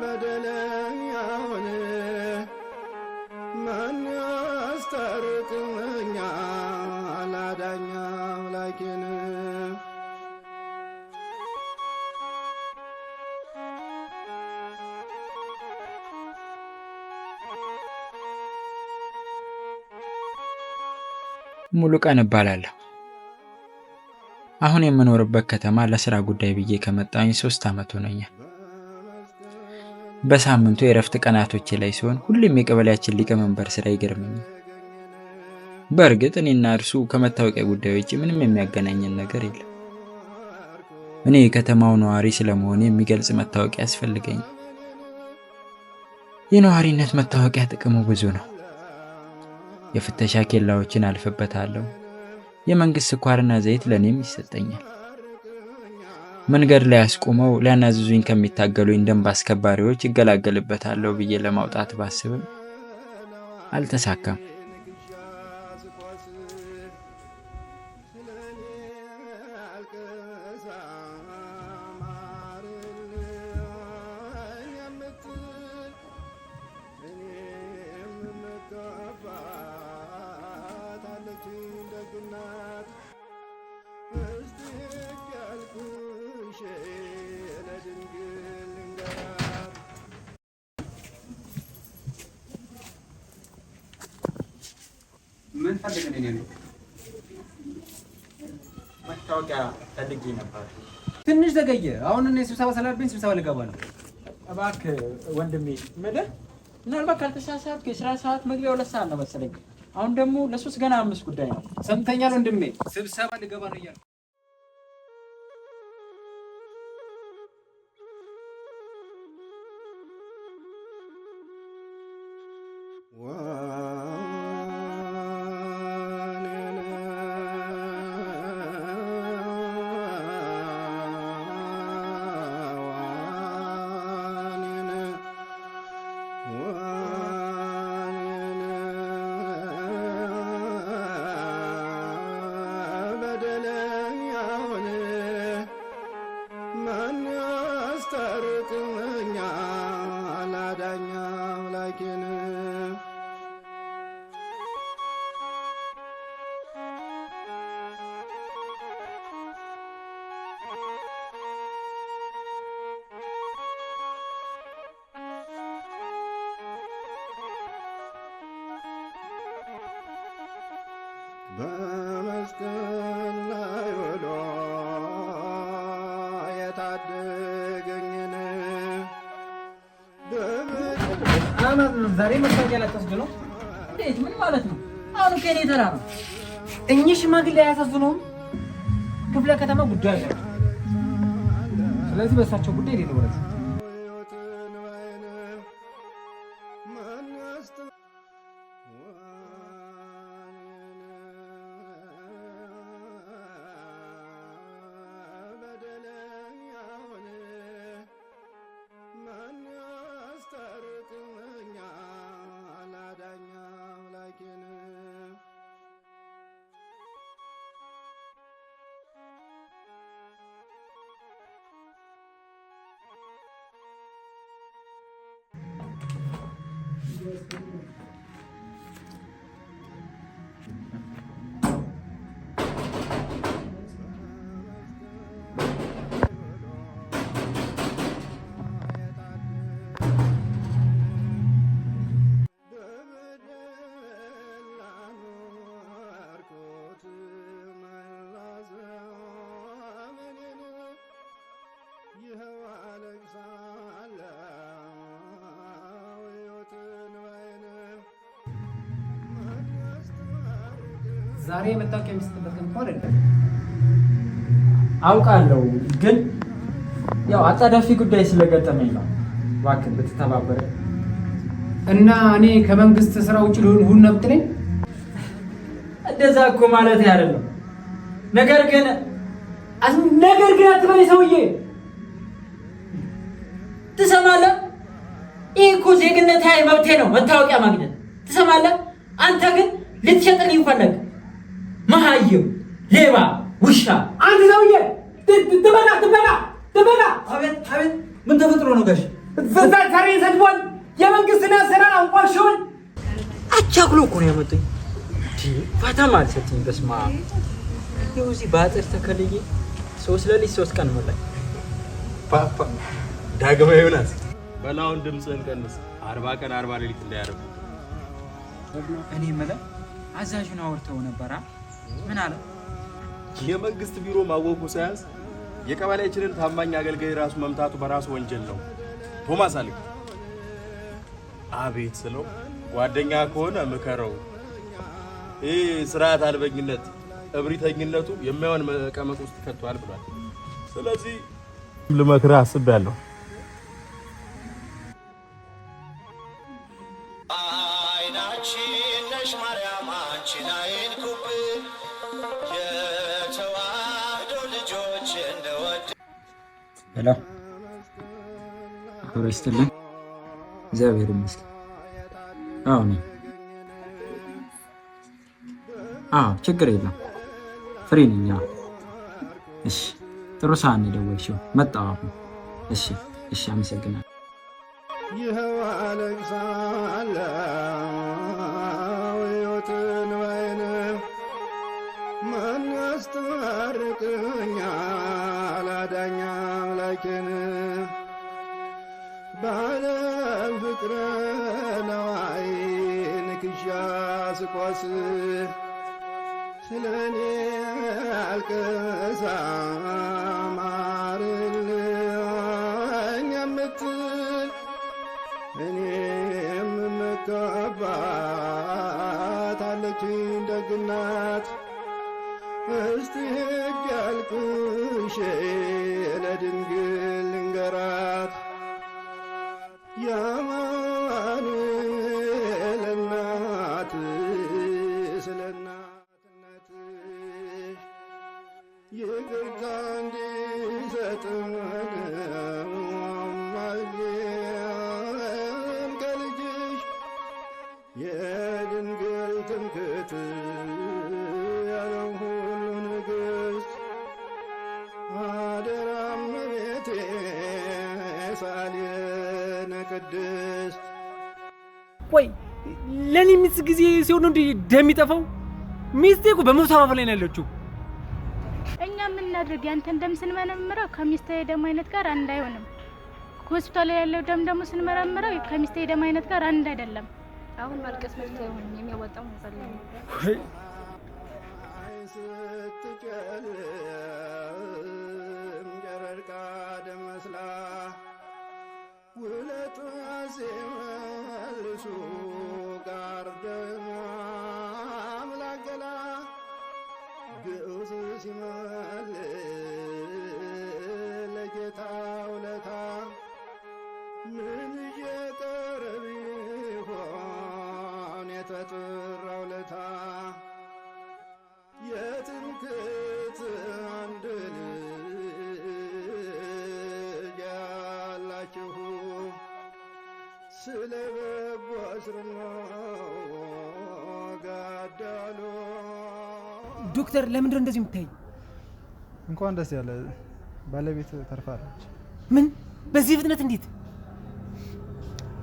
በደለኛውን ማን ያስታርቅኛል? አምላኬን እባላለሁ። አሁን የምኖርበት ከተማ ለስራ ጉዳይ ብዬ ከመጣኝ ሶስት ዓመት ሆነኛል። በሳምንቱ የእረፍት ቀናቶቼ ላይ ሲሆን ሁሌም የቀበሌያችን ሊቀመንበር ስራ ይገርመኛል። በእርግጥ እኔና እርሱ ከመታወቂያ ጉዳይ ውጭ ምንም የሚያገናኘን ነገር የለም። እኔ የከተማው ነዋሪ ስለመሆን የሚገልጽ መታወቂያ ያስፈልገኝ። የነዋሪነት መታወቂያ ጥቅሙ ብዙ ነው። የፍተሻ ኬላዎችን አልፍበታለሁ። የመንግሥት ስኳርና ዘይት ለእኔም ይሰጠኛል። መንገድ ላይ አስቁመው ሊያናዝዙኝ ከሚታገሉኝ ደንብ አስከባሪዎች ይገላገልበታለሁ ብዬ ለማውጣት ባስብም አልተሳካም። ፈልግልኝ መታወቂያ ፈልጌ ነበር። ትንሽ ዘገየ። አሁን እኔ ስብሰባ ስላለብኝ ስብሰባ ልገባ ነው። እባክህ ወንድሜ ምልህ ምናልባት ካልተሳሳትኩ የስራ ሰዓት መግቢያ ሁለት ሰዓት ነው መሰለኝ። አሁን ደግሞ ለሶስት ገና አምስት ጉዳይ ነው። ሰምተኛል ወንድሜ፣ ስብሰባ ልገባ ነው እያልኩ በመስቀል ላይ ወዶ የታደገኝን ዛሬ መታወቂያ ላታስገሉ እንዴት? ምን ማለት ነው? አሁን ከኔ ተራ ነው። እኚህ ሽማግሌ አያሳዝኑም? ክፍለ ከተማ ጉዳይ አለ። ስለዚህ በእሳቸው ጉዳይ ሌለ ወረት Thank you. ዛሬ መታወቂያ የሚሰጥበት ቀን ከሆነ አውቃለሁ፣ ግን ያው አጣዳፊ ጉዳይ ስለገጠመኝ ነው። እባክህ ብትተባበረ እና እኔ ከመንግስት ስራ ውጭ ልሆን ሁን ነው የምትለኝ? እንደዛ እኮ ማለት አይደለም። ነገር ግን ነገር ግን አትበለኝ ሰውዬ፣ ትሰማለህ? ይህ እኮ ዜግነት መብቴ ነው መታወቂያ ማግኘት። ትሰማለህ? አንተ ግን ልትሸጥልኝ ፈለግ መሃይም፣ ሌባ፣ ውሻ አንድ ሰውዬ ትበላ ትበላ ትበላ። አቤት አቤት፣ ምን ተፈጥሮ ነው ጋሽ? እዛ ሰሪ ሰድቦን የመንግስትን ስራ አንቋሽውን አቻኩሎ እኮ ነው ያመጡኝ። ፋታም አልሰጥኝ። በስማ ይኸው እዚህ በአጥር ተከልዬ ሶስት ለሊት ሶስት ቀን ሞላኝ። ፓፓ ዳግማ ይሆናል። በላውን ድምፅህን ቀንስ። አርባ ቀን አርባ ሌሊት እንዳያደርጉ እኔ የምልህ አዛዥን አውርተው ነበራ ምን አለ? የመንግስት ቢሮ ማወቁ ሳያንስ የቀበሌያችንን ታማኝ አገልጋይ ራሱ መምታቱ በራሱ ወንጀል ነው። ቶማስ አቤት ስለው ጓደኛ ከሆነ ምከረው። ይህ ስርዓት አልበኝነት እብሪተኝነቱ የማይሆን ውስጥ ከቷል ብሏል። ስለዚህ ልመክርህ አስቤያለሁ። ሰላም አብሮ እግዚአብሔር ይመስገን። አዎ ነኝ። አዎ ችግር የለም ፍሪ ነኝ። እሺ ጥሩ ሰዓት ነው የደወልሽው። መጣሁ አሁን። እሺ እሺ፣ አመሰግናለሁ። ይኸው አለቅሳለሁ ሕይወትን ባይነ ማን ያስታርቀኛል? ፍቅረ ነዋይ ንክዣ ስቆስ ስለኔ አልቅሳ ማርልኝ የምትል እኔም የምከባት አለችኝ ደግናት እስቲ ህግ ያልኩሽ ለድንግል ይቅርታ ከልጅሽ የድንግል ትምክህት ያለው ሁሉ ንግሥት አደራም ቤቴ ቅድስት ወይ ለእኔ ሚስት ጊዜ ሲሆኑ እንዲህ ደም ይጠፋው ሚስቴ እኮ ላይ ነው ያለችው ምናድርግ ያንተን ደም ስንመረምረው ከሚስቴ ደም አይነት ጋር አንድ አይሆንም። ሆስፒታል ያለው ደም ደግሞ ስንመረምረው ከሚስቴ የደም አይነት ጋር አንድ አይደለም። አሁን ማልቀስ መብት አይሆንም። የሚያወጣው መጸለይ ዶክተር ለምንድነው እንደዚህ የምታይኝ? እንኳን ደስ ያለ ባለቤት ተርፋለች። ምን? በዚህ ፍጥነት እንዴት?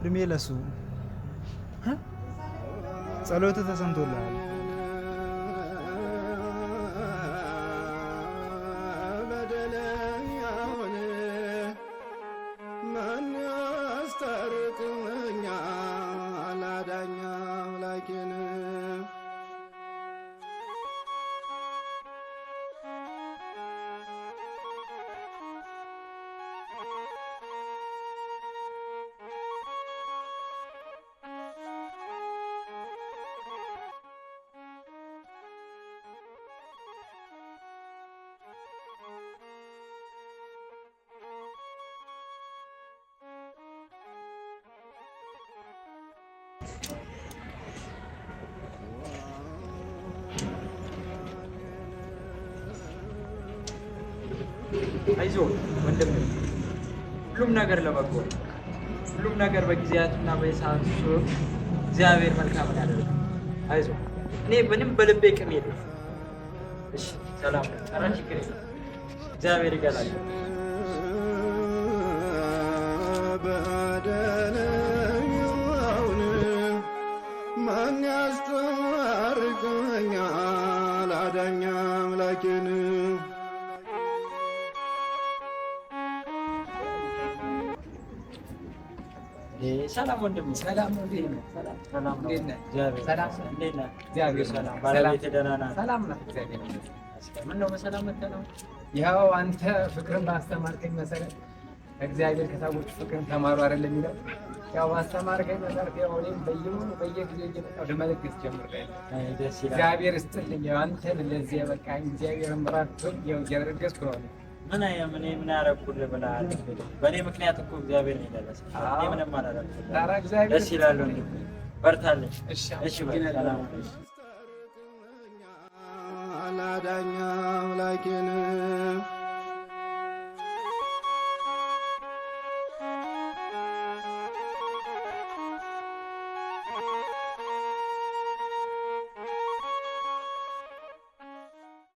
እድሜ ለሱ ጸሎት ተሰምቶልሃል። ሆነ ማን አይዞ ወንድም፣ ሁሉም ነገር ለበጎ ሁሉም ነገር በጊዜያቱና በሰዓቱ ሲሆን እግዚአብሔር መልካም ያደርጋል። አይዞ እኔ ምንም በልቤ ቅም የለም። እሺ ሰላም፣ ኧረ ችግር የለም። እግዚአብሔር ይገላል። ማን ያስታርቀኛል? አዳኛ አምላኬን ያው አንተ ፍቅርን ባስተማርከኝ መሰረት እግዚአብሔር ከሰዎች ፍቅርን ተማሩ አይደል የሚለው ያው ባስተማርከኝ መሰረት ያው እኔም በየሙሉ በየጊዜው እየመጣሁ ልመለከት ጀምሬያለሁ። እግዚአብሔር ይስጥልኝ። ያው አንተን ለዚህ ያበቃኝ እግዚአብሔርን ምራቶኝ ያው እየረገዝኩ ነው ምን ምን ምን ያደረኩልህ ብላ በእኔ ምክንያት እኮ እግዚአብሔር ነው የደረሰ። እኔ ምንም አላደረኩም። ደስ ይላሉ። በርታለች። እሺ አላዳኛ አምላኬን